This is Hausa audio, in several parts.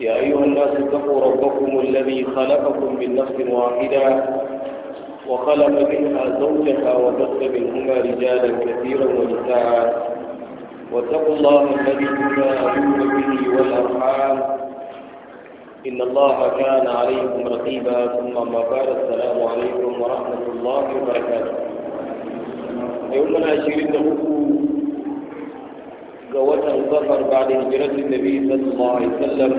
يا أيها الناس اتقوا ربكم الذي خلقكم من نفس واحدة وخلق منها زوجها وبث منهما رجالا كثيرا ونساء واتقوا الله الذي تساءلون به والأرحام إن الله كان عليكم رقيبا ثم ما قال السلام عليكم ورحمة الله وبركاته يومنا عشرين دقيقة ga watan بعد هجرة النبي صلى الله عليه وسلم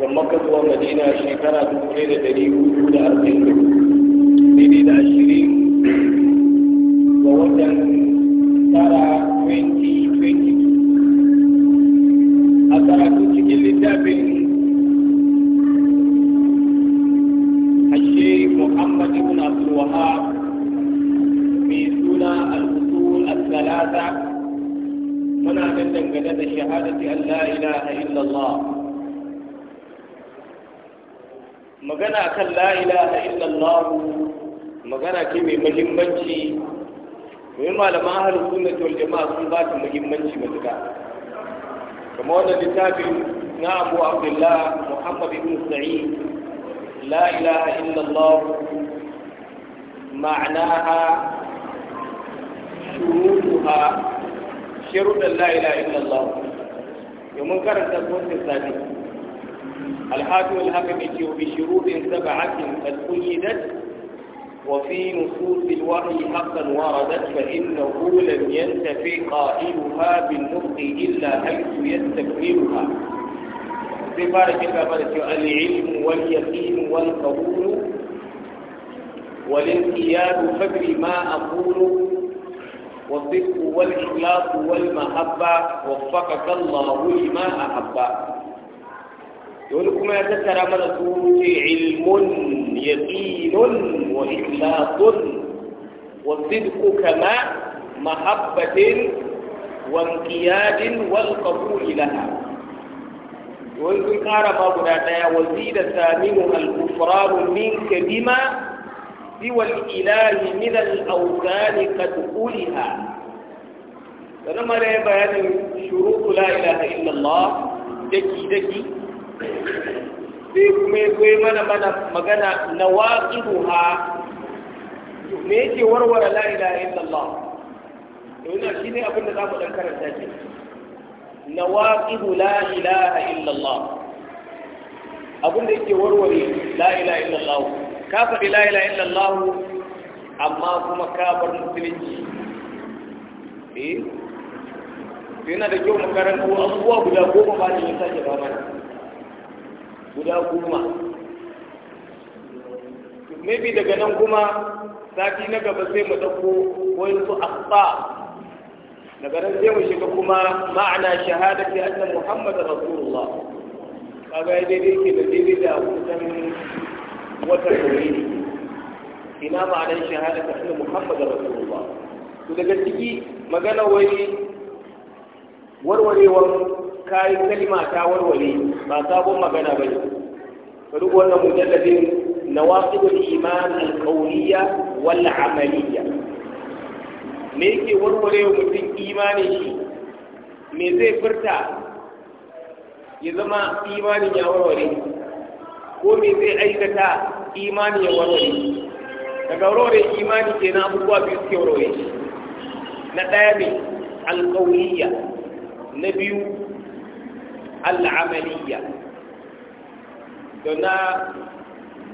daga makka zuwa madina shekara dubu ɗaya da ɗari hudu da arba'in da daidai da ashirin ga watan tara magana akan la ilaha illallah magana ce mai muhimmanci domin malaman ahlus sunnati wal jama'a sun ba ta muhimmanci matuƙa kuma wannan littafin na Abu Abdullah Muhammad ibn Sa'id la ilaha illallah ma'anaha shurutuha sharuɗan la ilaha illallah mun karanta sun sani الحاكم الهكمي بشروط سبعة قد قيدت وفي نصوص الوحي حقا وردت فإنه لم ينتفي قائلها بالنطق إلا حيث يستكملها في بارك الله العلم واليقين والقبول والانقياد فجر ما أقول والصدق والإخلاص والمحبة وفقك الله لما أحبه يقول لكم يا ذكر ما علم يقين وإخلاص وصدق كما محبة وانقياد والقبول لها يقول لكم قال بدأت يا وزيد ثامنها الكفران منك بما سوى الإله من الأوثان قد أولها فنما لا هذه يعني شروط لا إله إلا الله دكي دكي sai kuma ya koyi mana mana magana na ha, me yake warware la ilaha illallah ina shi ne abin da za mu ɗan karanta ke na waƙiru la ilaha illallah abin da yake warware la ilaha illallah ka faɗi la ilaha illallah amma kuma ka bar musulunci eh yana da kyau mu karanta abubuwa guda goma ba ne ya sake ba mana guda goma maybe daga nan kuma sati na gaba sai mu ɗauko wani su daga nan sai mu shiga kuma ma'ana shahadati anna muhammad rasulullah kaga ya daidai ke da daidai da kusan wata tauri ina ma'anar shahadati anna muhammad rasulullah to daga ciki magana wai warwarewar kayi kalima ta warware ba sabon magana ba ne ka duk wannan mujalladin nawaqidul iman al-qawliya wal amaliya me yake warware mutum imani shi me zai furta ya zama imanin ya warware ko me zai aikata imanin ya warware daga warware imani ke na abubuwa biyu suke warware na ɗaya ne alƙawliya na biyu العملية دنا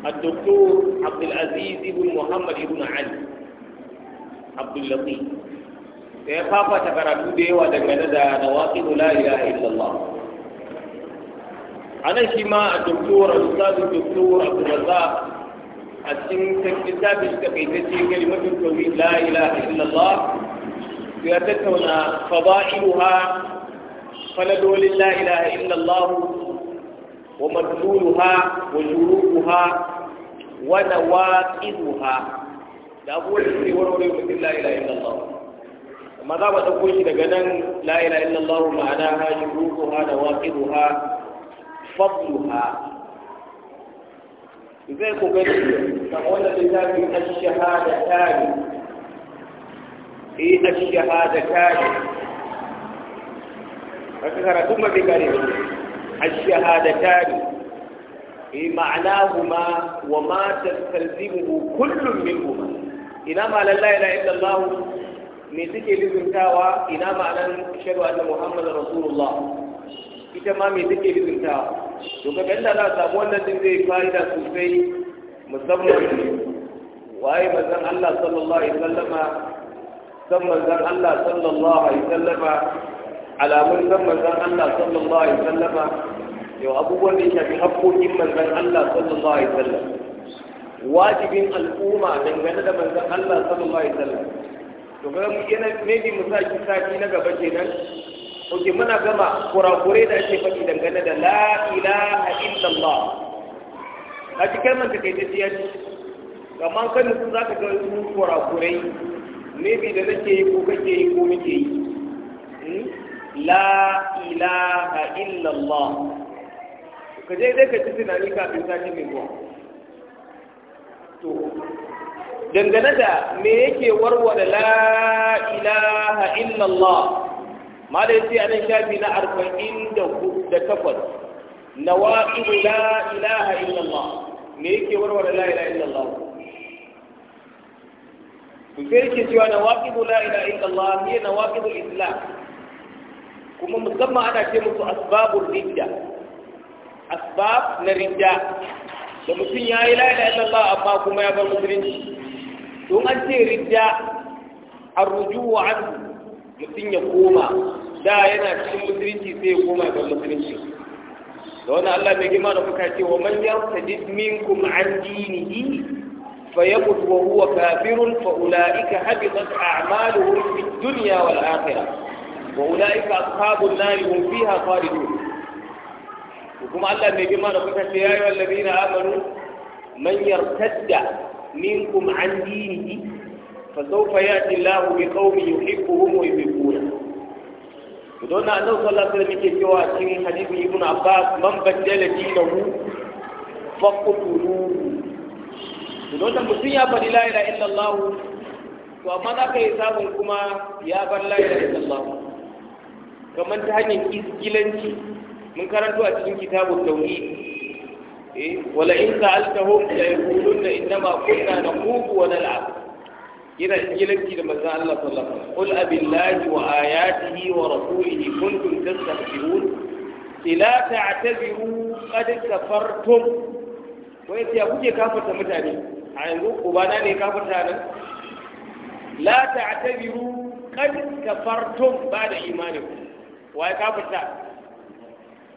الدكتور عبد العزيز بن محمد بن علي عبد اللطيف sai fafa ta karatu da yawa dangane da nawaqidu la ilaha illallah anan shi ma a doktor al-ustadu doktor Abdul Razzaq a cikin kitabin da kai tace kalimatun tauhid la ilaha illallah ya tattauna fada'iluha فندول لا إله إلا الله ومدلولها وجروبها ونواقذها لأقول في ورور يوم لا إله إلا الله ماذا بتقول إذا قدن لا إله إلا الله معناها جروبها نواقذها فضلها إذا قلت فقول لتاك الشهادتان إيه الشهادتان إيه الشهادتان haka karatun ba zai kare ba الشهادتان معناهما وما تستلزمه كل منهما إلى ما لا إله إلا الله ميزكي لزمتاوى إلى ما لن أشهد أن محمد Muhammad الله ita ma me take rizintawa to ka ganda za a samu wannan din zai fa'ida sosai musamman waye manzon Allah sallallahu alaihi wasallama san manzon Allah sallallahu alaihi wasallama alamun san manzon Allah sallallahu alaihi wasallama yau abubuwan da shafi haƙoƙin manzon Allah sallallahu alaihi sallama, wajibin al'umma dangane da manzon Allah sallallahu alaihi sallama. to ga mu yana maybe mu saki saki na gaba kenan oke muna gama kurakurai da ake faɗi dangane da la ilaha illallah ji cikin manta kai ta tiya Kamar amma kan su za ka ga su kurakurai maybe da nake yi ko kake yi ko muke yi hmm? la ilaha illallah ka je dai ka ci tunani kafin sati mai zuwa to dangane da me yake warware la ilaha illallah ma da yace a nan shafi na arba'in da takwas na wa'idu la ilaha illallah me yake warware la ilaha illallah to sai yake cewa na wa'idu la ilaha illallah ne na wa'idu islam kuma musamman ana ce musu asbabul ridda asbab na ridda da mutum ya yi la'ila illallah amma kuma ya bar musulunci don an ce ridda a wa an mutum ya koma da yana cikin musulunci sai ya koma ga musulunci da wani Allah mai gima da kuka ce wa man yartadid minkum an dinihi fa yamut wa huwa kafirun fa ulaika habitat a'maluhum fid dunya wal akhirah وأولئك أصحاب النار هم فيها خالدون وكما الله من جمع نقول يا أيها الذين آمنوا من يرتد منكم عن دينه فسوف يأتي الله بقوم يحبهم ويحبونه ودون أن صلى الله عليه وسلم يقول في حديث ابن عباس من بدل دينه فقتلوه ودون أن يا بني لا إله إلا الله وما ذاك يسامن كما يا بني لا إله إلا الله kamar ta hanyar iskilanci mun karanto a cikin kitabun tauhid eh wala in sa'altahum la yaquluna innama kunna naqubu wa nal'ab ina iskilanci da manzon Allah sallallahu alaihi wasallam qul abillahi wa ayatihi wa rasulihi kuntum tastahzi'un ila ta'tabiru qad kafartum wai sai kuke kafarta mutane a yanzu ubana ne kafarta nan la ta'tabiru qad kafartum ba da imanikum waye kafirta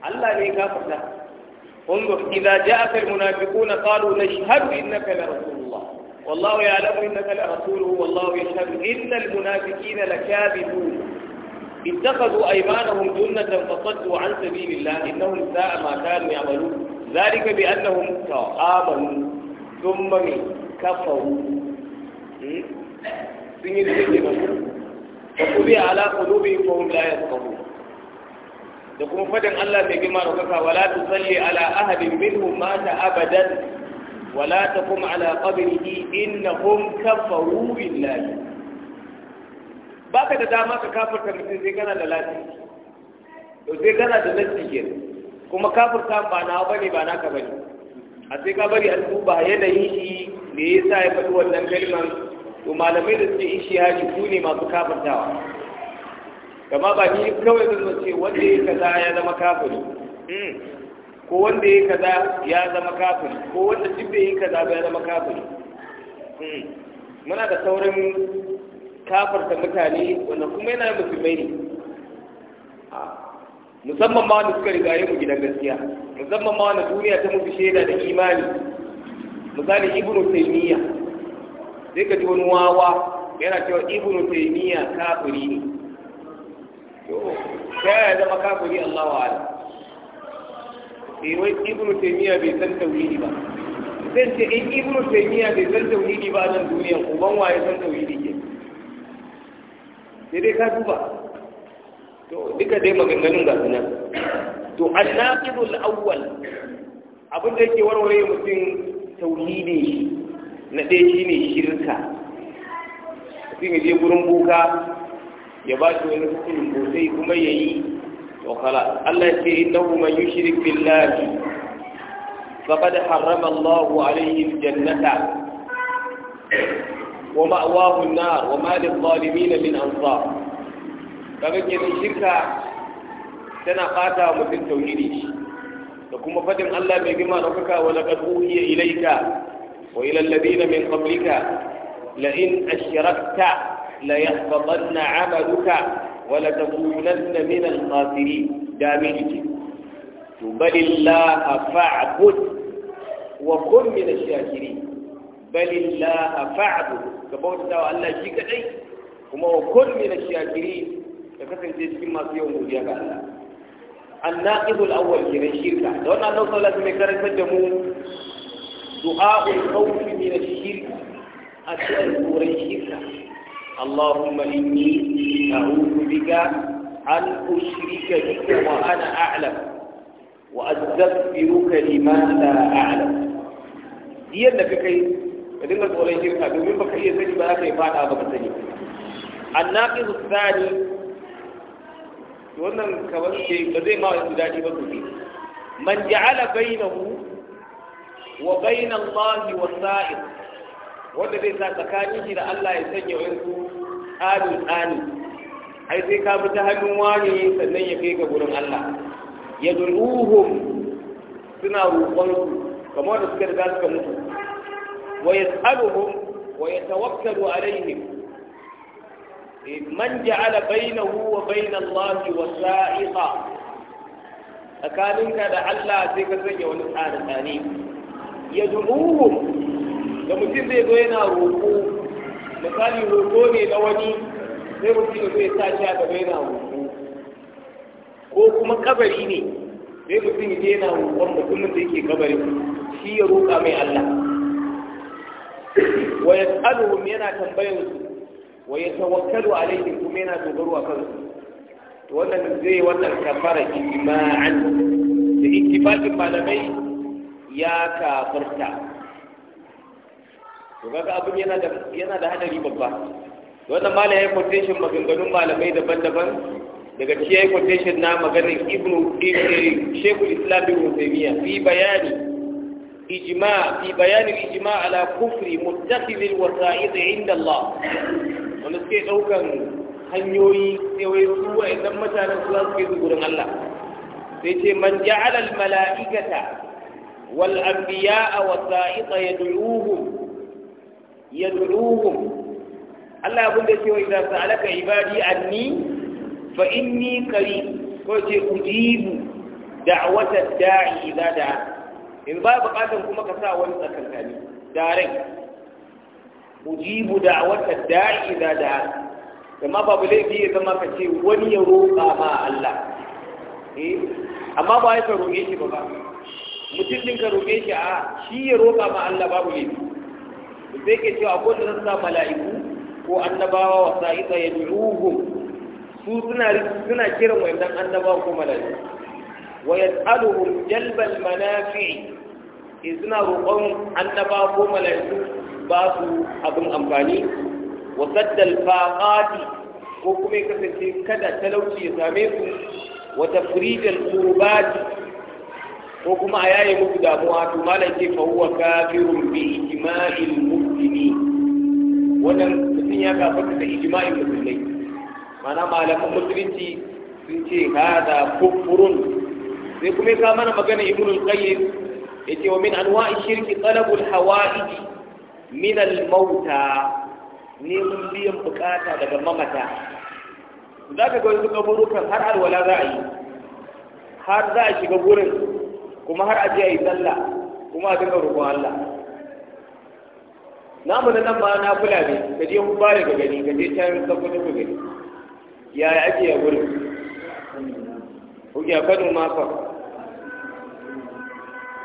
Allah ne kafirta انظر إذا جاءك المنافقون قالوا نشهد إنك لرسول الله والله يعلم إنك لرسوله والله يشهد إن المنافقين لكاذبون اتخذوا أيمانهم جنة فصدوا عن سبيل الله إنهم ساء ما كانوا يعملون ذلك بأنهم آمنوا ثم كفروا سنين سنين فقضي على قلوبهم فهم لا يفقهون da kuma fadin Allah mai girma da kaka wala ta tusalli ala ahadin minhum mata abadan wala ta taqum ala qabrihi innahum kafaru billahi baka da dama ka kafarta mutum sai kana da lafiya to sai kana da ke kuma kafarta ba na bane ba naka bane a sai ka bari an duba yanayin shi me yasa ya faɗi wannan kalmar to malamai da suke ishi haji su ne masu kafartawa kama ba ni kawai zan ce wanda ya kaza ya zama kafiri ko wanda ya kaza ya zama kafiri ko wanda duk ya yi kaza ba ya zama kafiri muna da saurin kafarta mutane wanda kuma yana musulmai ne musamman ma wanda suka riga rigaye mu gidan gaskiya musamman ma wanda duniya ta mutu shaida da imani misali ibnu taymiya sai ka ji wani wawa yana cewa ibnu taymiya kafiri ne ta yaya zama kafiri Allah wa ala sai eh, wai ibnu taymiya bai san tauhidi ba zan ce in ibnu taymiya bai san tauhidi ba nan duniya ban waye san tauhidi ke sai dai ka duba to duka dai maganganun ga sunan to annaqidul awwal abin da yake warware mutum tauhidi na dai shine shirka sai mu je gurin buka ya ba shi wani hukumin sosai kuma ya yi wakala Allah ce innahu man yushrik billahi faqad harrama Allah alayhi aljannata wa ma'wahu an-nar wa ma lil-zalimin min ansar kaga kenan shirka tana fata mutum tauhidi da kuma fadin Allah mai gima da kuka wa laqad uhiya ilaika. wa ila na min qablika La'in in ashrakta la yahbatanna amaluka wa la takunanna min al-khasirin da miji to balillaha fa'bud wa kun min ash-shakirin balillaha fa'bud ka bauta wa Allah shi kadai kuma wa kun min ka cikin masu الناقض الأول من الشركة لو الله صلى الله عليه وسلم دعاء الخوف من الشرك أشياء الكورة الشركة اللهم إني أعوذ بك أن أشرك بك وأنا أعلم وأستغفرك لما لا أعلم هي النبي كي لما تقول لي شركة دومين بك هي سني بها كي فعل أبا سني الناقض الثاني wannan kamar ce ba zai ma wasu daɗi ba sosai wanda zai sa tsakanin shi da Allah ya sanya wasu tsani tsani ai sai ka bi ta hannun wani sannan ya kai ga gurin Allah ya duluhum suna roƙon su kamar da suka riga suka mutu wa yas'aluhum wa yatawakkalu alaihim eh, man ja'ala bainahu wa bainallahi wasa'iqa tsakaninka da Allah sai ka sanya wani tsari tsani ya duluhum da mutum zai zo yana roƙo misali roƙo ne na wani sai mutum ya zai sa shi a gaba yana roƙo ko kuma kabari ne sai mutum ya je yana roƙon mutumin da yake kabari shi ya roƙa mai Allah wa yas'aluhum yana tambayar su wa tawakkalu alaihim kuma yana dogaro a kansu to wannan zai wannan kafara ijma'an da ittifaqin malamai ya kafarta to kaga abin yana da yana da hadari babba wannan malam ya quotation maganganun malamai daban-daban daga ci ya quotation na maganin ibnu ibnu shekul islam ibn taymiya fi bayani ijma fi bayani ijma ala kufri muttakhidh alwasa'id inda Allah wanda suke daukan hanyoyi sai wai su wa'annan mutanen su za su gurin Allah sai ce man ja'ala almala'ikata wal anbiya'a wasa'id yad'uuhum yad'uhum Allah abin da cewa idan sa'alaka ibadi anni fa inni qarib ko ce ujibu da'wata da'i idza da'a in ba buƙatar kuma ka sa wani tsakankani direct ujibu da'wata da'i idza da'a amma babu laifi ya zama ka ce wani ya roƙa ma Allah eh amma ba ya ka roƙe shi ba ba mutum din ka roƙe shi a shi ya roƙa ma Allah babu laifi to ke cewa akwai da sa mala'iku ko annabawa wa ya yad'uhum su suna suna kiran wayannan annabawa ko mala'iku wa yas'aluhum jalbal manafi in eh, suna roƙon annabawa ko mala'iku ba su abin amfani wa saddal faqati ko kuma ya kasance kada talauci ya same su wa tafrijal qurbati ko kuma a yaye muku damuwa to malam ce fa huwa kafirun bi ijma'il wannan mutum ya gafarta da ijma'in musulmai mana malamin musulunci sun ce da kufurun sai kuma ya mana magana ibnu al-qayyim yace wa min anwa'i shirki talabul hawa'ij min al-mauta neman biyan bukata daga mamata za ka ga wasu kaburukan har alwala za a yi har za a shiga gurin kuma har a je a yi sallah kuma a dinga roƙon Allah na na nan ma na kula ne ka je kun bare ga gani ka je tayin ka kudu ku gani yaya ake ya gudu kuke a kano ma fa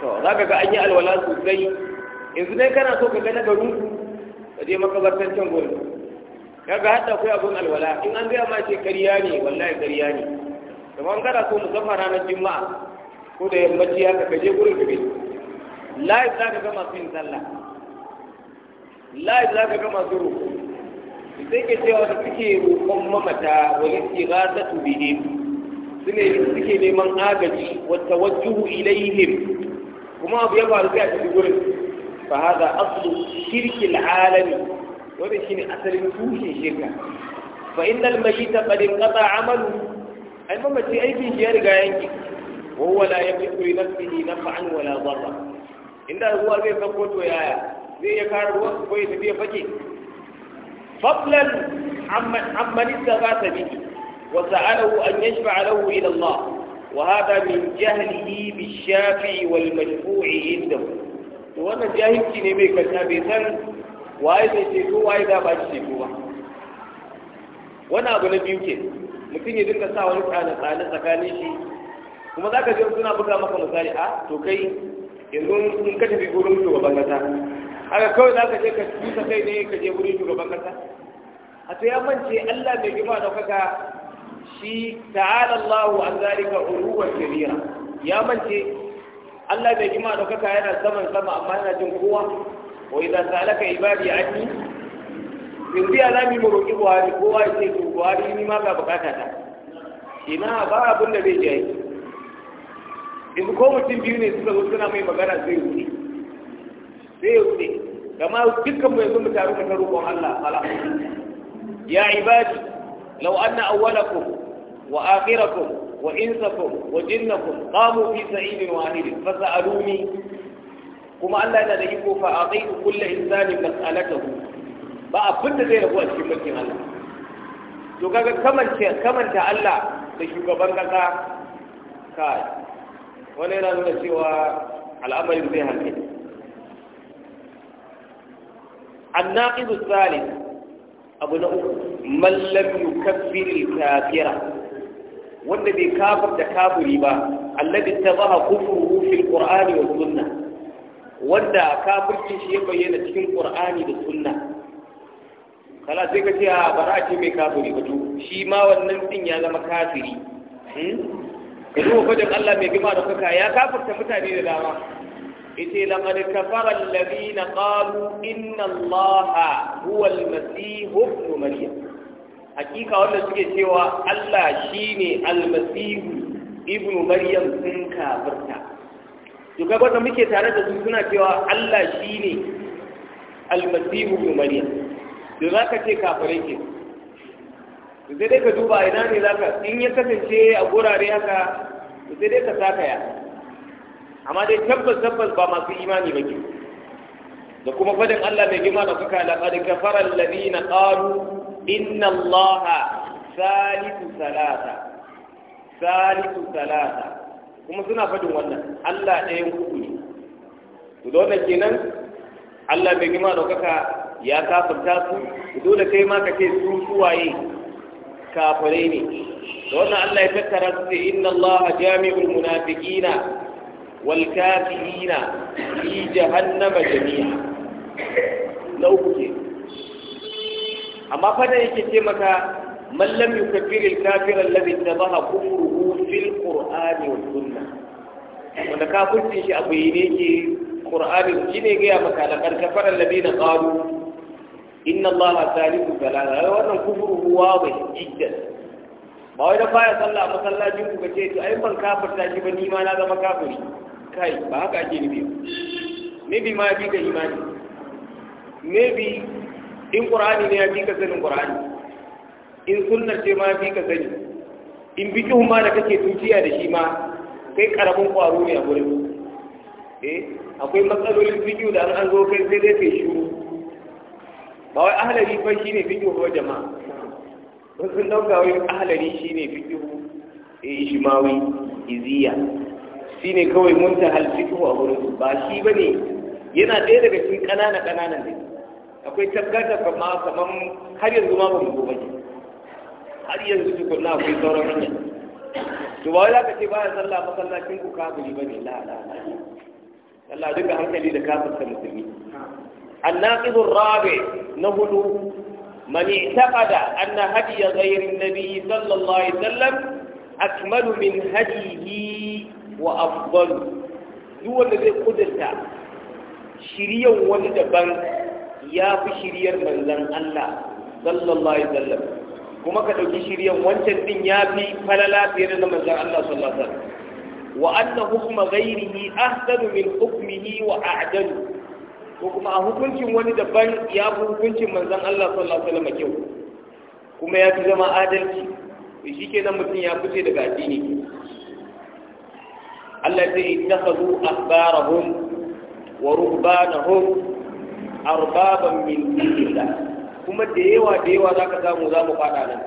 to za ka ga an yi alwala sosai yanzu dai kana so ka ga na garin ka je makabartan can gurin kaga hadda kai abun alwala in an gaya ma ce kariya ne wallahi kariya ne an kana so musamman ranar juma'a ko da yammaci haka ka je gurin ka gani lai za ka ga masu yin sallah live za ka ga masu roƙo sai ke cewa da suke roƙon mamata wani suke gasa su bihe su ne suke neman agaji wata wajuhu ilaihim kuma abu ya faru sai a cikin gurin fa hada aslu shirki alalami wanda shine asalin tushen shirka fa innal mayyita qad inqata amalu ai mamaci aiki shi ya riga yanki wa huwa la yamliku li nafsihi naf'an wala darra inda ruwa zai sako to yaya zai iya kare ruwan ko ya tafi ya fake fadlan amman istaghatha bihi wa sa'alahu an yashfa'a lahu ila Allah wa hada min jahlihi bish-shafi'i wal mashfu'i indahu to wannan jahilci ne mai kanta bai san waye zai ceto waye da ba shi ceto ba Wani abu na biyu ke mutum ya dinga sa wani tsane tsane tsakanin shi kuma za ka ji suna buga maka misali a ah, to kai yanzu in ka tafi gurin shugaban kasa aga kawai za ka je ka ta kai ne ka je wurin shugaban kasa a to ya mance Allah mai girma da kaka shi ta'ala Allahu an zalika uruwan kabira ya mance Allah mai girma da kaka yana saman sama amma yana jin kowa wa idza salaka ibadi anni in biya za mu roki Buhari kowa ya ce to Buhari ni ma ga bukata ta ina ba abin da zai je in ko mutum biyu ne suka zo suna mai magana zai wuce sai ya wuce kama dukkan mai zuwa tare da roƙon Allah ala ya ibadi law anna awwalakum wa akhirakum wa insakum wa jinnakum qamu fi sa'idin wahid fasaluni kuma Allah yana da iko fa aqaitu kullu insanin mas'alatahu ba abin da zai rabu a cikin mulkin Allah to kaga kamance kamanta Allah da shugaban kasa kai wani yana nuna cewa al'amarin zai halke annaqidu salis abu na uku man lam yukaffir wanda bai kafir da kafiri ba alladhi tabaha kufruhu fil qur'ani wa sunnah wanda shi ya bayyana cikin qur'ani da sunna kala sai ka ce a bara a ce mai kafiri ba to shi ma wannan din ya zama kafiri ka duba Allah mai gima da kuka ya kafirta mutane da dama ite laqad kafara alladhina qalu inna allaha huwa almasih ibn maryam hakika wanda suke cewa Allah shine Almasihu ibn maryam sun kafirta to kaga wanda muke tare da su suna cewa Allah shine almasih ibn maryam za ka ce kafirai ke sai dai ka duba ina ne ka? in ya kasance a gurare haka sai dai ka sa ka ya amma dai tabbas tabbas ba masu imani ba ke da kuma fadin Allah mai girma da kuka laqad kafara alladhina qalu inna allaha salisu salasa salisu salasa kuma suna fadin wannan Allah ɗayan uku ne to dole kenan Allah mai girma da kuka ya kafirta su dole kai ma ka ce su suwaye kafirai ne da wannan Allah ya tattara su inna allaha jami'ul munafiqina wal kafirina fi jahannama jami'a na uku ke amma fada yake ce maka man lam yukaffir al kafir alladhi tabaha kufruhu fil qur'ani wa sunnah wanda kafirci shi ne ke ga maka la karkafar alladhina qalu inna allaha thalithu thalatha wannan kufruhu wadih jiddan ba wai da baya sallah a masallacin ku kace to ai ban kafirta shi ba ni ma na zama kafiri kai ba haka ake nufi maybe ma fi ka imani maybe in qur'ani ne ya fi ka sanin qur'ani in sunnar ce ma fi ka sani in bikin ma da kake tuciya da shi ma kai karamin kwaro ne a gurin eh akwai matsalolin fikiyu da an zo kai sai dai kai shuru ba wai ahlari fa ne fikiyu ko jama'a wasu sun dauka wai ahlari shine fikiyu eh Shimawi, iziya shine kawai munta halfitu a wurin ba shi bane yana ɗaya daga cikin ƙanana ƙananan ne akwai tabbata kama kaman har yanzu ma ba mu zo bane har yanzu tukunna akwai sauran hanya to ba wai za ka ce baya sallah masallacin ku kafiri bane la la la Allah duka hankali da kafirta musulmi الناقض الرابع نهل من اعتقد أن هدي غير النبي صلى الله عليه وسلم أكمل من هديه wa afdalu duk wanda zai kudurta shiryan wani daban ya fi shiryar manzan Allah sallallahu alaihi wasallam kuma ka dauki shiryan wancan din ya fi falala fiye da manzan Allah sallallahu alaihi wasallam wa anna hukma ghairihi ahsanu min hukmihi wa a'dalu ko kuma hukuncin wani daban ya fi hukuncin manzan Allah sallallahu alaihi wasallam kyau kuma ya fi zama adalci shi kenan mutum ya fice daga addini الذي اتخذوا أخبارهم ورهبانهم أربابا من دون الله كما ديوا ديوا ذاك سامو ذا مقالانا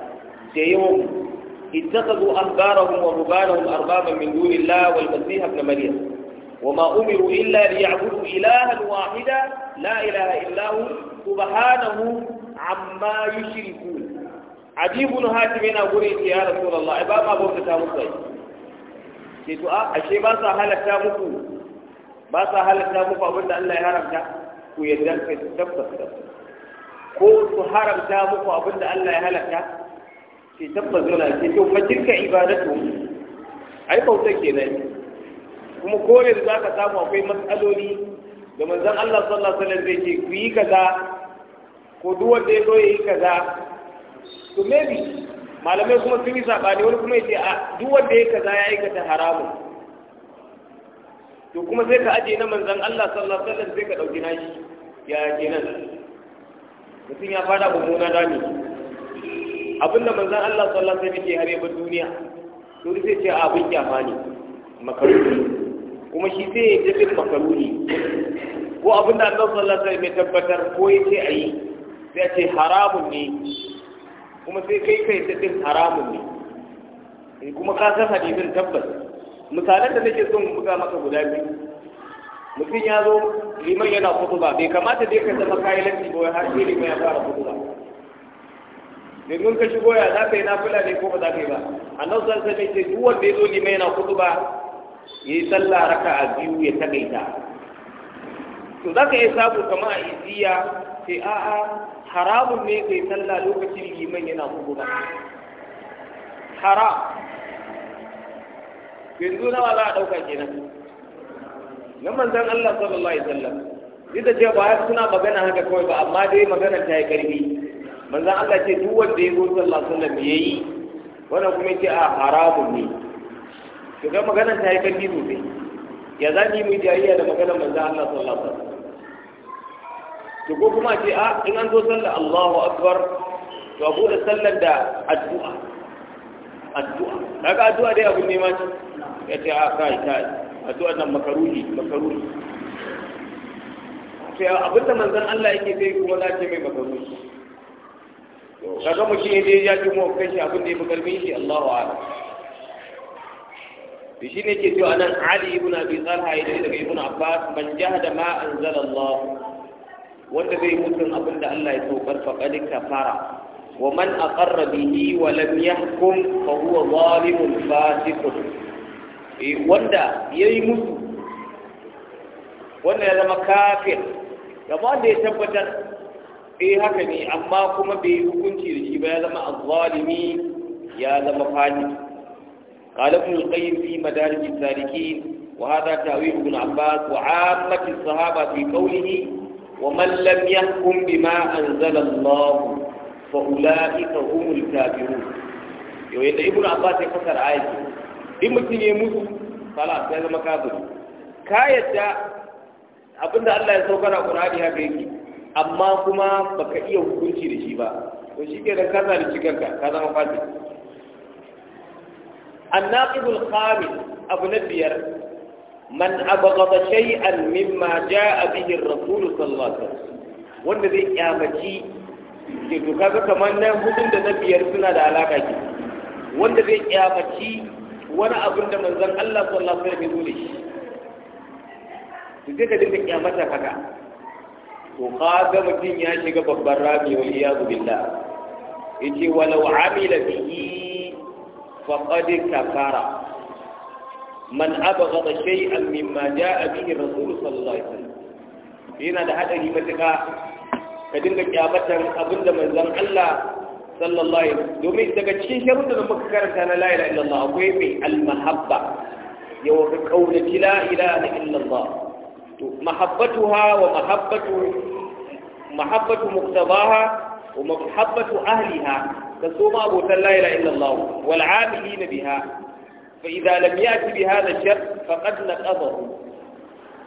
ديوا اتخذوا أخبارهم ورهبانهم أربابا من دون الله والمسيح ابن مريم وما أمروا إلا ليعبدوا إلها واحدا لا إله إلا هو سبحانه عما يشركون عجيب هاتمنا قريت يا رسول الله إبابا بوكتا مصير sai to a ah, ashe ba sa halatta muku ba sa halatta muku abin da Allah ya haramta ku yadda kai tabbas tabbas ko su haramta muku abin da Allah ya halatta sai tabbas yana ke to fa ibadatu ai bauta kenan kuma kore da zaka samu akwai matsaloli da manzon Allah sallallahu alaihi wasallam zai ce ku yi kaza ko duwa wanda ya zo yi kaza to maybe malamai kuma sun yi saɓani wani kuma yace a duk wanda ya kaza ya aikata haramun to kuma sai ka aje na manzon Allah sallallahu alaihi wasallam sai ka dauki nashi ya kenan mutum ya fada mummuna dani abinda manzon Allah sallallahu alaihi wasallam yake hare duniya to sai ce a abin kyafa ne makaruni kuma shi sai ya jabin makaruni ko abinda Allah sallallahu alaihi wasallam ya tabbatar ko yace ayi sai ya ce haramun ne kuma sai kai kai ta din haramun ne eh, kuma ka san hadisin tabbas misalan da nake son buga maka guda biyu mutum ya zo liman yana kutuba bai kamata dai ka zama kayi lantarki ba har sai liman ya fara kutuba domin ka shigo ya za ka yi nafila ne ko ba za ka yi ba annabi sallallahu alaihi wasallam ce duk wanda ya zo liman yana kutuba yi sallah raka'a biyu ya takaita to za ka iya samu kamar a iziya sai a'a haramun ne kai sallah lokacin liman yana ba haram yanzu nawa za a ɗauka kenan na manzan Allah sallallahu alaihi wasallam duk ce cewa ba suna magana haka kawai ba amma dai magana ta yi ƙarfi manzan Allah ce duk wanda ya zo sallallahu alaihi wasallam yayi wannan kuma yake a ah, haramun ne to ga magana ta yi ƙarfi sosai ya zani mu yi jariya da maganar manzan Allah sallallahu alaihi wasallam to ko kuma ce a ah, in an zo sallar Allahu akbar to abu da sallar da addu'a addu'a kaga addu'a dai abun nema ce ya ce a ah, kai kai addu'a nan makaruhi makaruhi sai abin da manzon Allah yake sai kuma za ce mai makaruhi to kaga mu shi dai ya ji mu kai shi abin da ya fi karfin shi Allahu a'lam da shi ne ke cewa nan Ali ibn Abi Talha ya daga ibn Abbas man jahada ma anzala Allah wanda zai mutun abin da Allah ya saukar faqad kafara wa man aqarra bihi wa lam yahkum fa huwa zalimun fasiqun eh wanda yayi musu wanda ya zama kafir gaba da ya tabbatar eh haka ne amma kuma bai hukunci da shi ba ya zama azzalimi ya zama fasik قال ابن القيم في مدارج السالكين وهذا تأويل ابن عباس وعامة الصحابة في قوله ومن لم يحكم بما أنزل الله فأولئك هم الكافرون يوين ابن عباس يفسر آية in mutum ya mutu sala sai zama kafiri ka yadda abinda Allah ya saukar a Qur'ani haka yake amma kuma baka iya hukunci da shi ba to shi ke da kaza da cikarka ka zama fasik annaqibul khamis abu na biyar man abghada shay'an mimma jaa bihi ar-rasul sallallahu alaihi wasallam wanda zai kyamaci ke to kaga kamar nan hudun da na biyar suna da alaka ke wanda zai kyamaci wani abin da manzon Allah sallallahu alaihi wasallam ya dole shi to sai ka dinga kyamata kaga to kaga mutum ya shiga babban rami wal iyadu billah yace walau amila bihi faqad kafara man abghada shay'an mimma ja'a bihi rasul sallallahu alaihi wasallam yana da hadari matuƙa ka dinga kyamatan abinda manzon Allah sallallahu alaihi wasallam domin daga cikin sharuɗin da muka karanta na la ilaha illallah akwai mai al-mahabba yawa ka kaunaci la ilaha illallah to mahabbatuha wa mahabbatu mahabbatu muktabaha wa mahabbatu ahliha ka so ma abotan la ilaha illallah wal amilina biha فإذا لم يأتي بهذا الشر فقد نقضه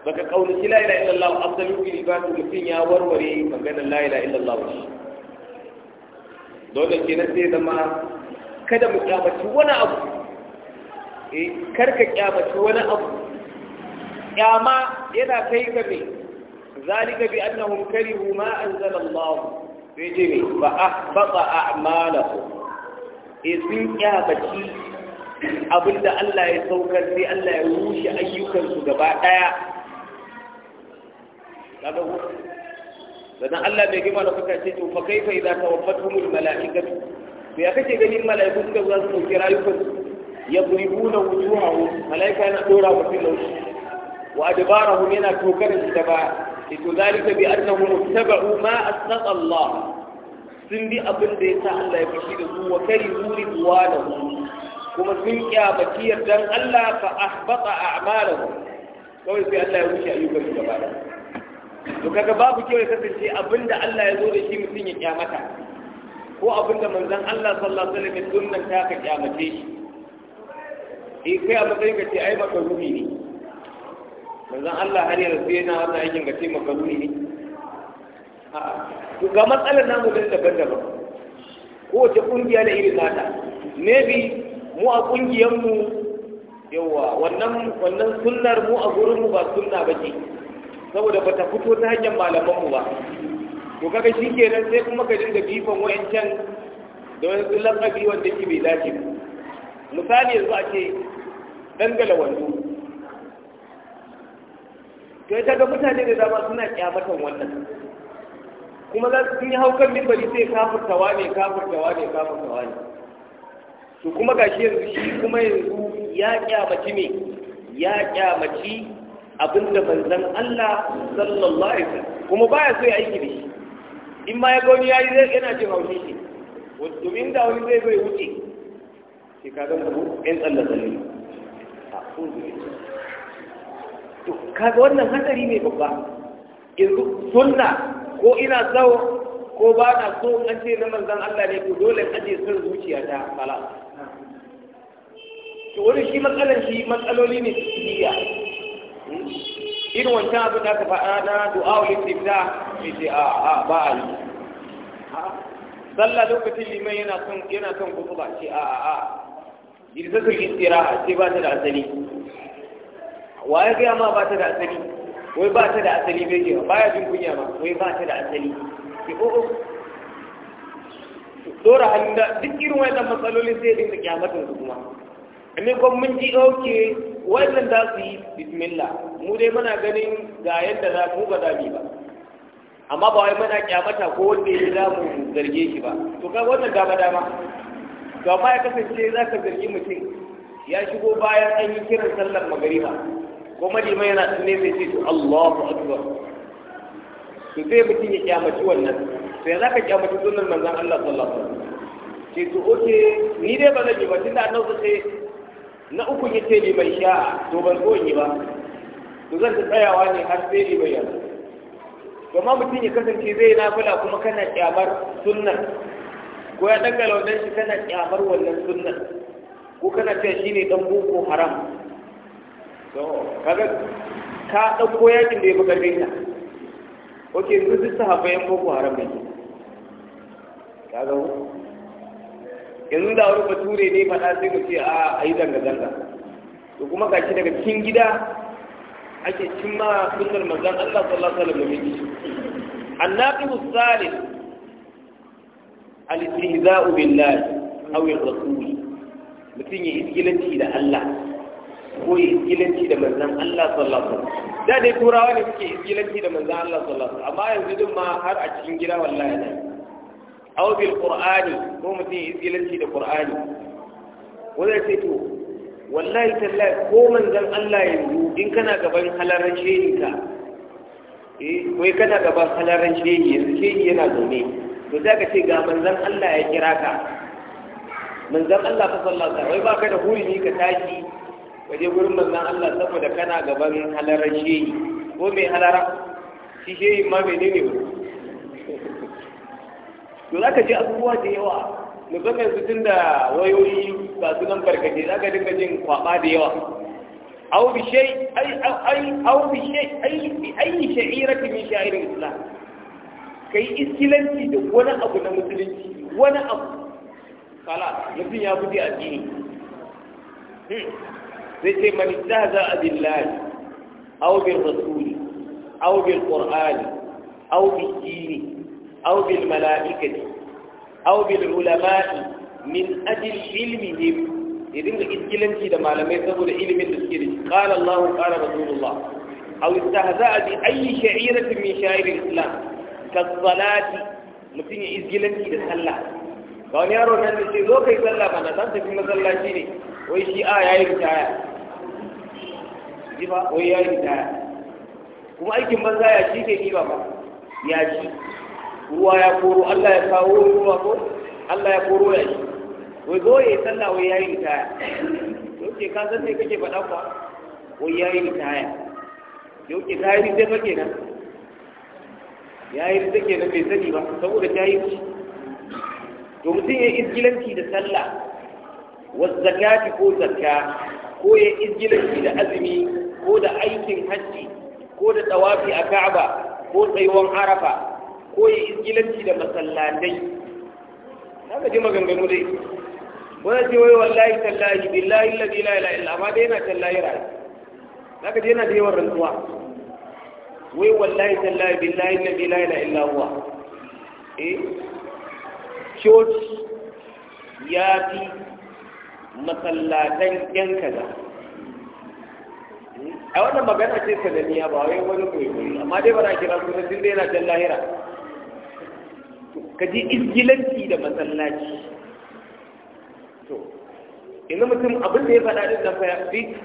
baka kaunaci la ilaha illallah asalin ilibatu mutum ya warware maganar la ilaha illallah shi dole kenan sai zama kada mu kyamaci wani abu eh karka kyamaci wani abu kyama yana kai ka me zalika bi annahum karihu ma anzala Allah sai ce me fa eh sun abinda Allah ya saukar sai Allah ya rushe ayyukansu gaba ɗaya sannan Allah bai gima da kuka ce to fa kaifa idza tawaffatuhumul malaikatu to ya kace ganin malaiku suka zo su dauki rayukan ya buribuna wujuhahu malaika yana dora wa filon wa adbarahum yana tokar shi da ba to zalika bi annahum ittaba'u ma asnata Allah sun bi abin da yasa Allah ya fushi da su wa karihu ridwanahu kuma sun kyamaci yardan Allah fa ahbata a'malahu kawai sai Allah ya wuce ayyukan su gaba da to kaga babu kyau ya kasance abinda Allah ya zo da shi mutum ya kyamata ko abinda manzon Allah sallallahu alaihi wasallam sunnan ta ka kyamace shi eh kai a matsayin ka ce ai maka ruhi ne manzon Allah har ya rasu yana wannan aikin ka ce maka ruhi ne to ga matsalar namu daban-daban kowace ƙungiya na irin nata maybe mu a ƙungiyarmu yawa wannan wannan sunnar mu a gurinmu ba sunna ba ce saboda ba ta fito ta hanyar malamanmu ba to kaga shi kenan sai kuma ka dinga bifan wa'ancan da wani sun lakabi wanda ke bai dace ba misali yanzu a ce dangala wando To ita ga mutane da dama suna kyamatan wannan kuma za su yi haukan mimbari sai kafurtawa ne kafurtawa ne kafurtawa ne to kuma gashi yanzu shi kuma yanzu ya kyamaci me ya kyamaci abinda manzon Allah sallallahu alaihi wasallam kuma baya so ya aiki da shi in ma ya ga wani yayi zai yana jin haushi shi domin da wani zai bai wuce sai ka gan abu yan tsalle tsalle a kun zuwa to kaga wannan hatsari ne babba yanzu sunna ko ina so ko ba na so an ce na manzan Allah ne ku dole in aje son zuciya ta kala. to wani shi matsalar shi matsaloli ne tsikiyya irin wancan abin da aka faɗa na du'a wa istifta mai ce a a ba a yi sallah lokacin liman yana son yana son ce a a a jirsatul istiraha ce ba ta da asali wa ya gaya ma ba ta da asali wai ba ta da asali bai ke ba ya jin kunya ba wai ba ta da asali ke o'o oh, oh. dora hannu duk irin wannan matsalolin sai dinga kyamatar su kuma ne kuma mun ji ɗauke wannan za su yi bismillah mu dai muna ganin ga yadda za mu ba za mu ba amma ba wai muna kyamata ko wanda ya za mu zarge shi ba to kai wannan dama dama to amma ya kasance za ka zargi mutum ya shigo bayan an yi kiran sallar magariba ko lima yana tune sai ce to Allahu akbar to sai mutum ya kyamaci wannan sai za ka kyamaci sunan manzon Allah sallallahu alaihi wasallam ce to oke ni dai ba zan yi ba tunda annabi sai na uku ya ce mai sha'a to ban so yi ba to zan ta tsayawa ne har sai ne ya to ma mutum ya kasance zai na fula kuma kana kyamar sunnar ko ya dangala launin shi kana kyamar wannan sunnar ko kana cewa ne dan boko haram to kaga ka ɗan yakin da ya buga ƙarfin ka ok yanzu duk sahabbayan boko haram ne kaga yanzu da wani bature ne faɗa sai mu ce a a yi zanga-zanga to kuma ka ce daga cikin gida ake cimma sunar mazan Allah sallallahu alaihi wasallam ne annabi salih al-istihza'u billahi aw ar-rasul mutum ya iskilanci da Allah ko ya iskilanci da manzon Allah sallallahu alaihi wasallam da dai turawa ne suke iskilanci da manzon Allah sallallahu alaihi wasallam amma yanzu din ma har a cikin gida wallahi ne aw bil qur'ani ko mutum ya iskilanci da qur'ani wanda ya ce to wallahi tallahi ko manzon Allah yanzu in kana gaban halaran ka eh wai kana gaban halaran shehi yanzu shehi yana zaune to za ka ce ga manzon Allah ya kira ka manzon Allah fa sallallahu alaihi wai baka da hurumi ka tashi waje gurin manzon Allah saboda kana gaban halaran shehi ko mai halara shi shehi ma menene ne to za ka ji abubuwa da yawa musamman su tun da wayoyi ba su nan barkace za ka dinga jin kwaba da yawa au bi shay ai ai au bi shay ai bi ai sha'irati min sha'irin islam kai iskilanci da wani abu na musulunci wani abu kala mutum ya a addini hmm. zai ce man istahza billahi aw bir rasuli aw bil qur'ani aw bi dini أ و ب ا ل م ل ا ئ ك ة أ و بالعلماء من أ ج ل علمهم إذن إتلنتي لما لم يتقل علم المسكري قال الله قال رسول الله إذن و إذن ب إذن ي إذن ع إذن ر إذن من إذن ا إذن إ إذن ل إذن م إذن ا إذن ص إذن ا إذن مثل إذن للصلاة إذن يا إذن انت إذن يصلى إذن نزلت إذن مثل إذن شيني إذن اه إذن ابن إذن ويا إذن تعالى إذن يمكن إذن يا إذن يا ابن يا شيخ ruwa ya koro Allah ya kawo ruwa ko Allah ya koro ya yi. wai zo ya yi sallah wai ya yi ritaya yau ke ka san sai kake faɗa kuwa wai ya yi ritaya yau ke ka yi ritaya ba kenan ya yi ritaya kenan bai sani ba saboda ta yi ci to mutum ya yi izgilanci da sallah wasu zakati ko zakka ko ya yi izgilanci da azumi ko da aikin hajji ko da tsawafi a ka'aba ko tsayuwan arafa ko iskilanci da masallatai na ga ji maganganu dai wani ce wai wallahi tallahi billahi lalzi la amma dai yana tallahi rai na ga ji yana da yawan rantsuwa wai wallahi tallahi billahi lalzi la ila illa eh coci ya fi masallatan yan kaza eh? a wannan magana ce sananniya ba wai wani koyi amma dai ba na kira sunan tun da yana jan lahira ka ji izgilanci da masallaci to inda mutum abin da ya faɗa duk da fi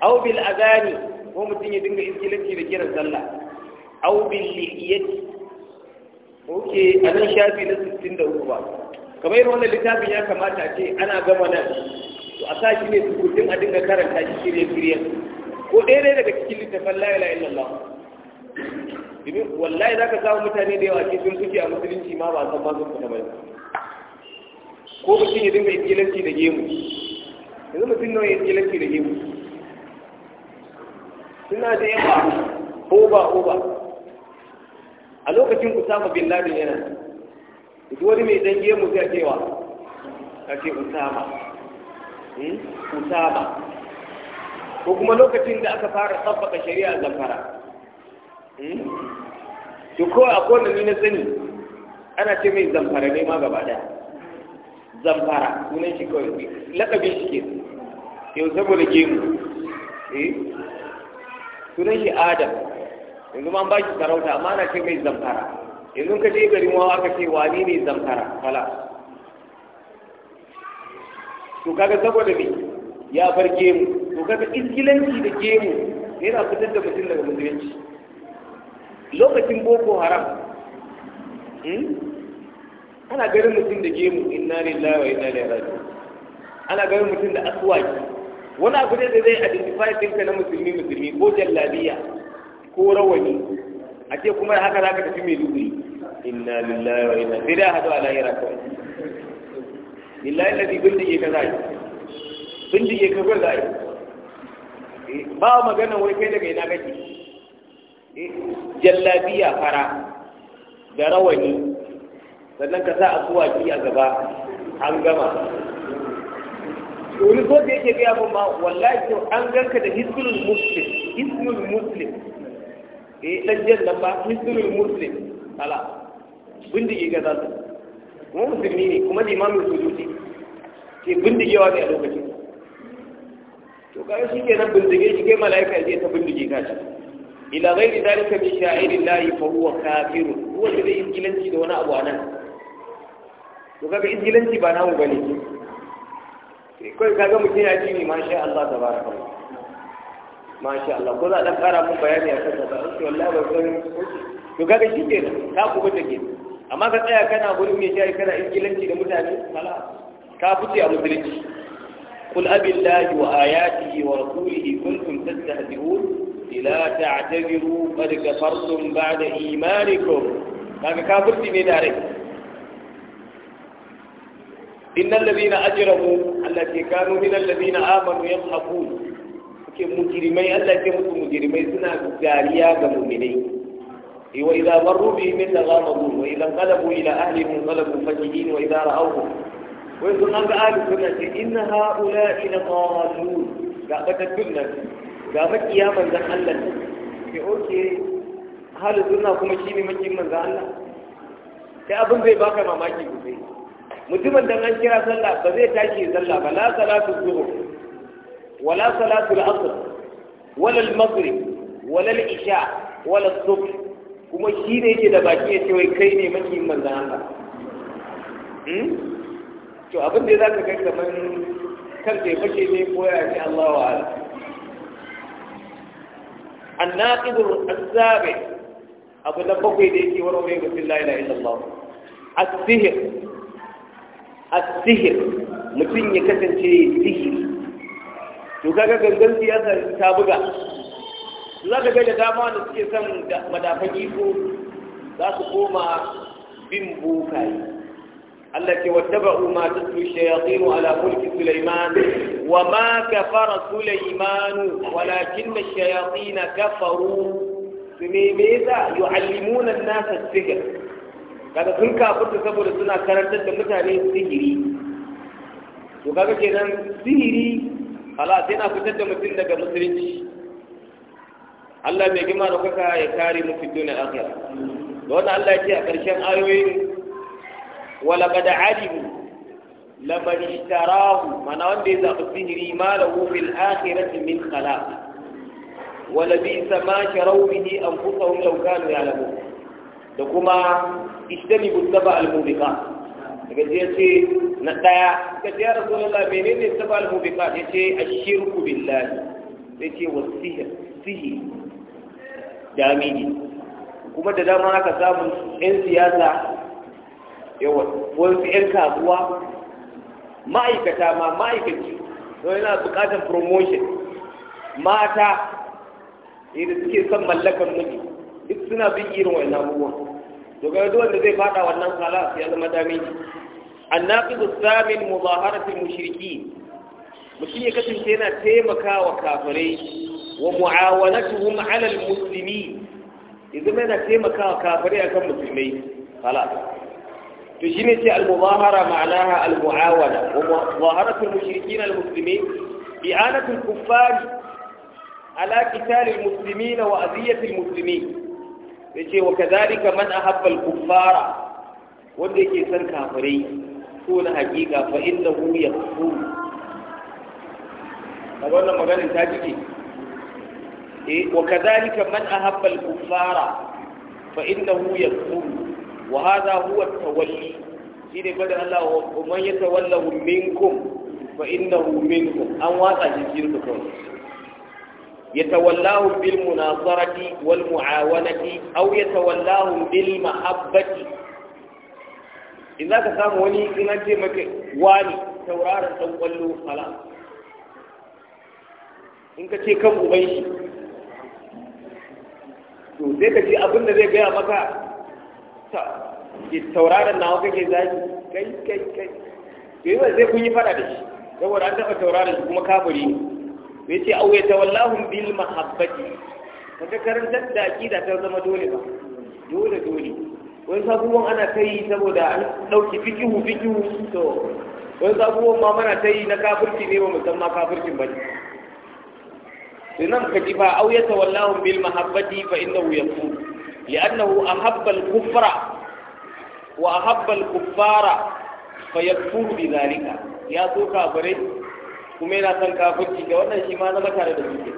au bil azani ko mutum ya dinga izgilanci da kiran sallah au bil liyati oke a nan shafi na 63 ba kamar irin wannan littafin ya kamata ce ana gama nan to a sa shi ne tukutun a dinga karanta shi shirye-shiryen ko ɗaya daga cikin littafin la'ila ilaha illallah wallahi za ka samu mutane da yawa ke sun suke a musulunci ma ba san ma sun fita ba ko mutum ya dinga iskilanci da gemu yanzu mutum nawa ya iskilanci da gemu suna da yawa oba oba a lokacin ku sama bin laden yana duk wani mai dan gemu zai cewa a ce usama hmm? usama ko kuma lokacin da aka fara tsabbaka shari'a zamfara Hmm? to ko a kowane ni na sani ana ce mai zamfara ne ma gaba daya zamfara sunan shi kawai lakabin shi ke yau saboda gemu eh sunan shi adam yanzu ma ba shi sarauta amma ana ce mai zamfara yanzu ka je garin wawa aka ce wani ne zamfara fala to kaga saboda me ya bar gemu to kaga iskilanci da gemu yana fitar da mutum daga musulunci lokacin boko haram hmm? ana ganin mutum da gemu inna lillahi wa inna ilaihi raji'un ana ganin mutum da aswaki wani abu da zai identify ɗinka na musulmi musulmi ko jallabiya ko rawani a ce kuma haka za ka tafi mai dubi inna lillahi wa inna sai da hadu ala yara kawai lillahi ladhi bindige ka zai bindige ka zai eh, ba magana wai kai daga ina kake Eh, jallabiya fara da rawani sannan ka sa asuwaki a gaba an gama wani ko da yake gaya mun ma wallahi an ganka da hisnul muslim hisnul muslim eh dan jan nan ba hisnul muslim ala bindige ga zasu kuma musulmi ne kuma limamin sujuti ke bindigewa ne a lokacin to kai shi kenan bindige shi kai mala'ika je ta bindige ka shi ila ghairi dalika sha'iri sha'irillahi fa huwa kafir huwa da zai ingilanci da wani abu anan to kaga ingilanci ba nawo bane kai kaga mutum ya ji ne masha Allah tabaraka masha Allah ko za dan kara mun bayani a kan ta sai wallahi ba san to kaga shi ke ta kuma ke amma ka tsaya kana gurin mai shayi kana ingilanci da mutane kala ka fice a musulunci قل أبي الله وآياته ورسوله كنتم تستهزئون لا تعتذروا قد كفرتم بعد إيمانكم هذا كافرتي من ذلك إن الذين أجرموا التي كانوا من الذين آمنوا يضحكون مجرمي التي كانوا مجرمي سنة جارية مؤمنين وإذا إيوه، مروا بهم غامضون وإذا انقلبوا إلى أهلهم انقلبوا فجهين وإذا رأوهم ويقول آل سنة إن هؤلاء لضالون لا تكتبنا ga makiya manzan Allah ne ke oke hali suna kuma shi ne makin manzan Allah sai abin zai baka mamaki gube mutumin da an kira sallah ba zai tashi sallah ba la salatu zuhur wala salatu al-asr wala al-maghrib wala al-isha wala as-subh kuma shi ne yake da baki ya ce wai kai ne makin manzan Allah hmm? to abin da zaka kai kamar kan da ya ne ko ya ce Allah wa'ala annaqidul azabi abu da bakwai da yake warware mutum la ilaha illallah as-sihr mutum ya kasance sihir. to kaga gangan siyasa ta buga za ka ga da dama da suke son madafaki ko za su koma bin bokaye التي واتبعوا ما تتلو الشياطين على ملك سليمان وما كفر سليمان ولكن الشياطين كفروا ميزا يعلمون الناس السحر kaga sun kafurta saboda suna karantar da mutane sihiri to kaga kenan sihiri halas yana fitar da mutum daga musulunci Allah mai gima da kuka ya kare mu fi duniya akhira da wannan Allah ya ce a ƙarshen ayoyin wala kada alimu laman ishtarahu mana wanda ya zaɓi sihiri ma lahu fil akhirati min kala. wala bi sama sharau bihi anfusahum law kanu ya'lamun da kuma ishtanibu saba al-mubiqat daga jiya ce na ɗaya ka ce ya rasulullah menene saba al-mubiqat ya ce a ashirku billahi ya ce wa sihir sihiri damini kuma da dama haka samun 'yan siyasa yawa wasu 'yan kasuwa ma'aikata ma ma'aikaci don yana bukatar promotion mata idan suke son mallakar miji duk suna bin irin wa'in abubuwan to ga duk wanda zai fada wannan kala ya zama damiji annaqidu samin muzaharati mushriki mutum ya kasance yana taimakawa kafirai wa mu'awanatuhum ala almuslimi idan yana taimakawa kafirai akan musulmai kala to ne ce al-muzahara ma'anaha al-mu'awana wa muzaharatu mushrikin al-muslimin i'anatu al-kuffar ala qital al-muslimin wa adhiyat al-muslimin yace wa kadhalika man ahabba al-kuffara wanda yake san kafirai ko na hakika fa innahu yakfur kaga wannan ta eh wa kadhalika man ahabba al-kuffara fa innahu wa hadha huwa tawalli shine fadan Allah wa man yatawallahu minkum fa innahu minkum an watsa jikin su kawai yatawallahu bil munazarati wal muawanati aw yatawallahu bil mahabbati in zaka samu wani in an wani tauraron dan kwallo in ka ce kan shi to sai ka ce abinda zai gaya maka ta tauraron nawa kake zaki kai kai kai to yi zai kun yi fada da shi saboda an taɓa tauraron shi kuma kafiri ne ya ce auye ta wallahun bil mahabbati kaga karantar da aƙida ta zama dole ba dole dole wani sabuwan ana ta yi saboda an ɗauki fikihu fikihu to wani sabuwan ma mana ta yi na kafirci ne ba musamman kafircin ba ne sunan ka ji ba auye ta wallahun bil mahabbati fa innahu yaqul لأنه أحب الكفر وأحب الكفار فيكفر بذلك يا سوكا بريد كمينا سنكا سان كوانا ga wannan shi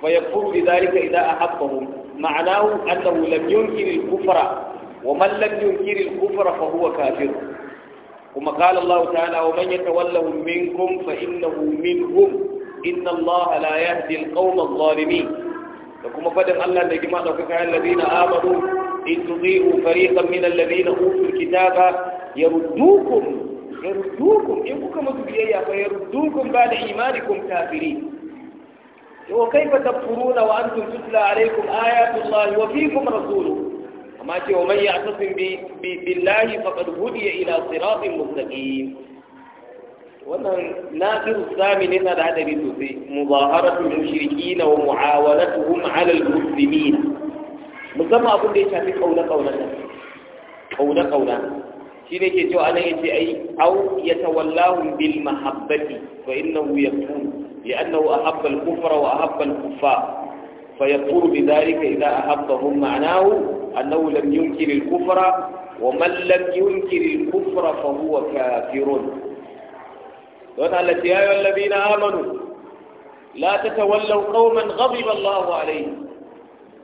فيكفر بذلك إذا أحبهم معناه أنه لم ينكر الكفر ومن لم ينكر الكفر فهو كافر وما قال الله تعالى ومن يتوله منكم فإنه منهم إن الله لا يهدي القوم الظالمين da kuma fadin Allah da gima daukaka alladina amanu in tudiu fariqan min alladina utul kitaba yaruddukum yaruddukum in kuka mutu biyayya fa yaruddukum ba'da imanikum kafirin wa kaifa tafuruna wa antum tutla alaykum ayatullahi wa fiikum rasulu. amma ce wa man ya'tasim bi billahi faqad hudiya ila siratin mustaqim wannan nafiru samin yana da hadari sosai muzaharatul mushrikin wa mu'awalatuhum 'ala al-muslimin musamman abin da ya shafi kauna kauna kauna kauna shi ne ke cewa anan yace ai au yatawallahum bil mahabbati fa innahu yakun li'annahu ahabba al-kufra wa ahabba al-kuffar فيقول بذلك إذا أحبهم معناه أنه لم ينكر الكفر ومن لم ينكر الكفر فهو كافر don Allah ya yi wallabi na amanu la ta tawallau qauman ghadiba Allahu alayhi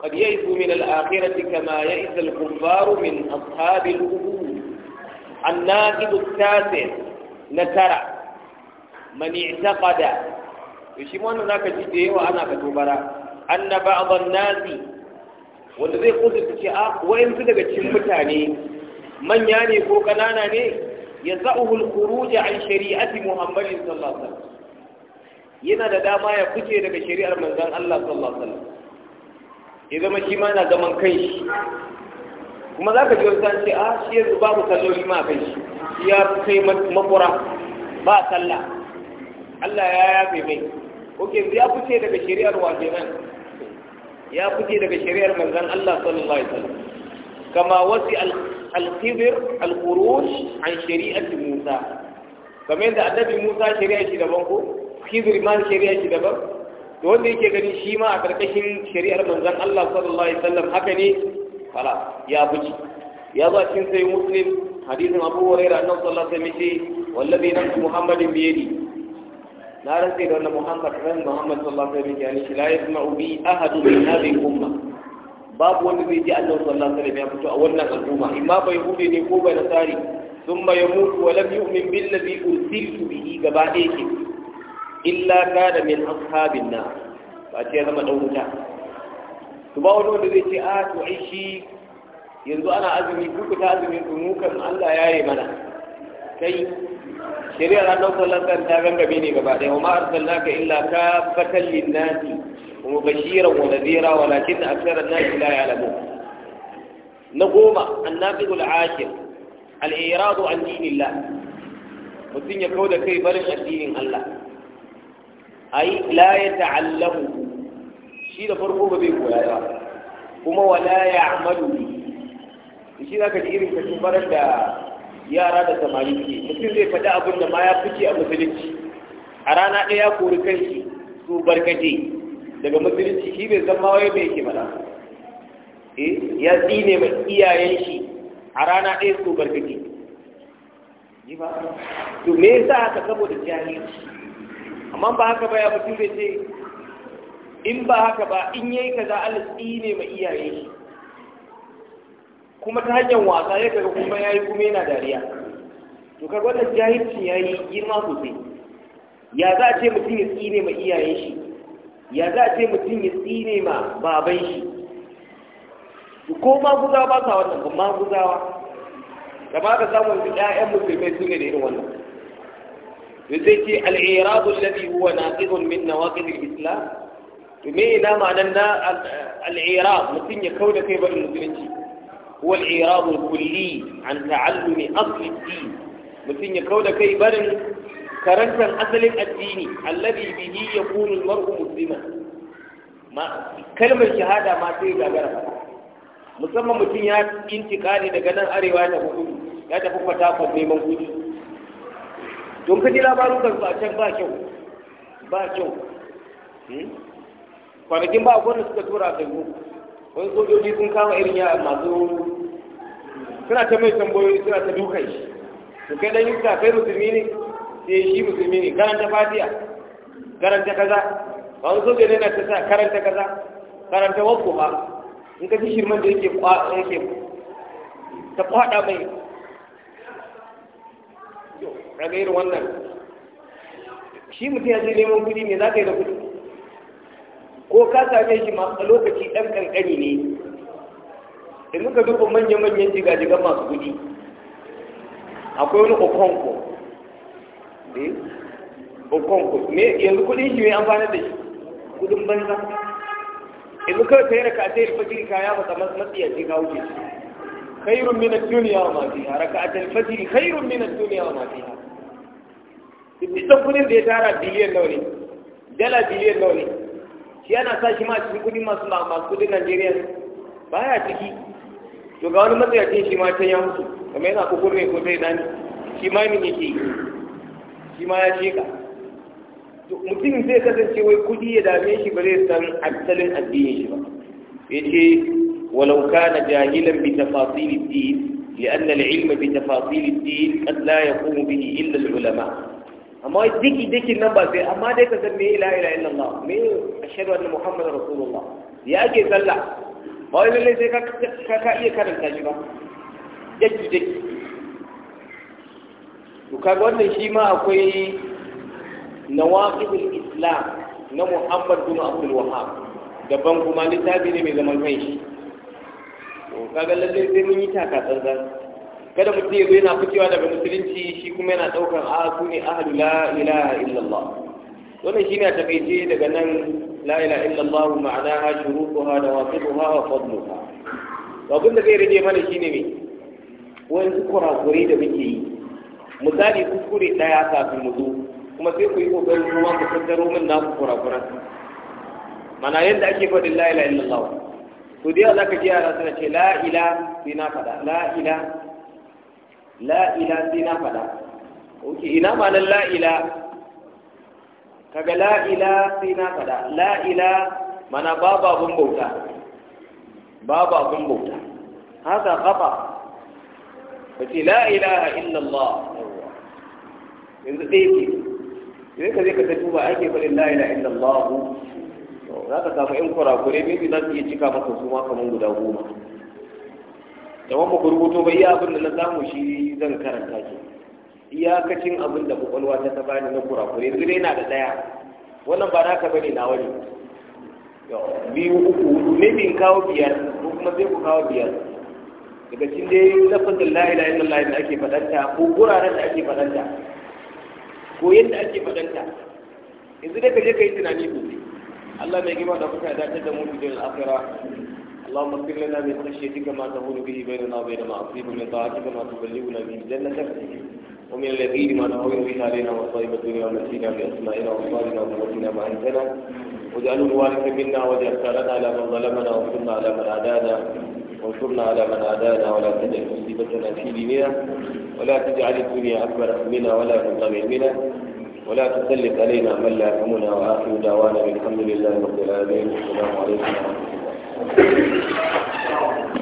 qad yaifu min al-akhirati kama na al-kuffaru min da. qubur الناقد التاسع نترى من اعتقد يشمون ذاك جدي وانا كتبرا ان بعض الناس wanda zai kusurta ce a wayan su daga cikin mutane manya ne ko ƙanana ne yasa'uhu al-khuruj an shari'ati Muhammadin sallallahu alaihi wasallam yana da dama ya fice daga shari'ar manzon Allah sallallahu alaihi wasallam ya zama shi ma yana zaman kai kuma zaka ji wani ce a ah, shi yanzu babu salloli ma kai shi ya kai makura ba sallah Allah ya yafe mai oke ya fice daga shari'ar wa kenan ya fice daga shari'ar manzon Allah sallallahu alaihi wasallam kama wasi al-khidr al-khuruj an Musa kamar yadda annabi Musa shari'a shi daban ko khidr ma shari'a shi daban to wanda yake gani shi ma a karkashin shari'ar manzon Allah sallallahu alaihi wasallam haka ne fala ya buci ya zo cikin sai muslim hadisin Abu Hurairah annabi sallallahu alaihi wasallam ce wallazi nafsu Muhammadin bi na rantse da wannan Muhammad ran Muhammad sallallahu ya babu wanda zai ji Allah sallallahu alaihi wasallam ya fito a wannan al'umma imma bai hude ne ko bai nasari thumma yamutu wa lam yu'min billazi ursiltu bihi gaba ɗaya ke illa kana min ashabin nar ba ce zama dan wuta to ba wanda zai ce a to ai shi yanzu ana azumi ku ta azumin mu Allah ya yi mana kai shari'ar Allah sallallahu alaihi wasallam ta gangame ne gaba ɗaya wa ma arsalnaka illa ka fatal linnasi ومبشرا ونذيرا ولكن أكثر الناس لا يعلمون نقوم الناقض العاشر الإيراد عن دين الله mutum ya kawo da kai barin addinin Allah ai la ya ta'allamu shi da farko ba zai koya ba kuma wala ya ji irin kashin barar da yara da samari ke mutum zai faɗi abin da ma ya fice a musulunci a rana ɗaya kori kanshi su barkace daga musulunci shi bai zama wai bai yake mana eh, ya tsine mai iyayen shi a rana ɗaya su barkaki ji ba to me yasa haka saboda jahilci amma ba haka ba ya mutum bai ce in ba haka ba in yayi kaza Allah tsine mai iyayen shi kuma ta hanyar wasa ya kaga kuma yayi kuma yana dariya to kaga wannan jahilci yayi girma sosai ya za a ce mutum ya tsine mai iyayen shi ya za ce mutum ya tsine ma baban shi ko maguzawa ba sa wannan ba maguzawa da ba ka samu su ƴaƴan musulmai su ne da irin wannan da zai ce al'irabu alladhi huwa naqidun min nawaqid waƙin islam to me ina ma'anar na al'ira mutum ya da kai ba musulunci huwa al'irab kulli an ta'allumi asli mutum ya da kai barin karantar asalin addini alladhi bihi ya al-mar'u muslima ma kalmar shahada ma sai gagara musamman mutum ya intikali daga nan arewa da kudu ya tafi fatafa neman kudi don kaji labarin kansu a can ba kyau ba kyau hmm? kwanakin ba gwamnati suka tura a facebook wani sojoji sun kama irin yara masu suna ta mai tambayoyi suna ta dukai Su kai dan yuka kai musulmi ne eh shi musulmi ne karanta fatiya karanta kaza ba wani soja ne na ta sa karanta kaza karanta wakko ba in ka fi shirman da yake yake ta kwada mai kaga irin wannan shi mutum ya zai neman kuɗi ne, za ka yi da kuɗi ko ka same shi ma a lokaci ɗan ƙanƙani ne da muka duba manya-manyan jigan masu kuɗi akwai wani okonko bi eh? o ku me yanzu kudin shi mai amfani da shi kudin banza yanzu kawai ka yi raka ta yi fajiri ka ya masa matsiya ce ka wuce shi khairun min ad-dunya wa ma fiha raka'atul fajr khairun min ad duniya wa ma fiha duk kudin da ya tara biliyan nawa ne dala biliyan nawa ne shi yana sa shi ma cikin kudin masu masu kudin Najeriya ya ciki to ga wani matsayacin shi ma ta ya mutu kamar yana kukurne ko zai dani shi ma ne ke yi shi ma ya sheka mutum zai kasance wai kudi ya dame shi ba zai san asalin addinin shi ba yace walau kana jahilan bi tafasil din لأن العلم بتفاصيل الدين قد لا يقوم به إلا العلماء amma diki dikin nan ba sai amma dai ka san me la ilaha illallah me ashhadu anna muhammadar rasulullah ya ake sallah ba wai lalle sai ka ka iya karanta shi ba to kaga wannan shi ma akwai nawaqidul islam na muhammad bin abdul wahab daban kuma littafi ne mai zaman kanshi to kaga lalle sai mun yi taka tsantsan kada mutum ya zo yana fitowa daga musulunci shi kuma yana ɗaukar a ah, su ne ahadu la ilaha illallah wannan ne a takaice daga nan la ilaha illallah ma'anaha shurutuha da wasifuha wa fadluha to abin da zai rage mana shi ne me. wani kurakurai da muke yi misali kuskure ɗaya kafin mu zo kuma sai ku yi ƙoƙarin kuma ku tattaro min na ku kurakuran mana yadda ake faɗin la ila illallah to dai za ka ji yara suna ce la ila sai na faɗa la ila la ila sai na faɗa ok ina ma'anar la ila kaga la ila sai na faɗa la ila mana babu abun bauta babu abun bauta haka kafa ka ce la ilaha illallah yanzu ɗaya ke sai ka je ka ta duba ake faɗin la ilaha illallah za ka samu yan kurakure maybe za su iya cika maka su ma kamar guda goma da wani ku rubuto ba iya abin da na samu shi zan karanta ki. iyakacin abin da kwakwalwa ta ta bani na kurakure yanzu dai na da ɗaya wannan ba naka bane na wani biyu uku ne bin kawo biyar ko kuma zai ku kawo biyar daga cikin da yi lafin da la'ayi la'ayi da la'ayi da ake fadanta ko guraren da ake fadanta ko yadda ake fadanta yanzu da kaje ka yi tunani gobe Allah mai gima da kuka ya da mu da akhira Allah mafi lana mai tashi duka ta hulu bihi bai da na bai da ma afi bai da ake ma ta balli wuna bihi janna ta ومن الذين ما نحوه بها لنا وصائب الدنيا ومسينا بأسمائنا وصالنا ومسينا ما أنتنا وجعلوا الوارث منا وجعلوا على من ظلمنا وصلنا على من عدانا وانصرنا على من عادانا ولا تجعل مصيبتنا في ديننا ولا تجعل الدنيا أكبر همنا ولا مبلغ علمنا ولا تسلط علينا من لا يهمنا وآخر دعوانا الحمد لله رب العالمين والسلام عليكم ورحمة الله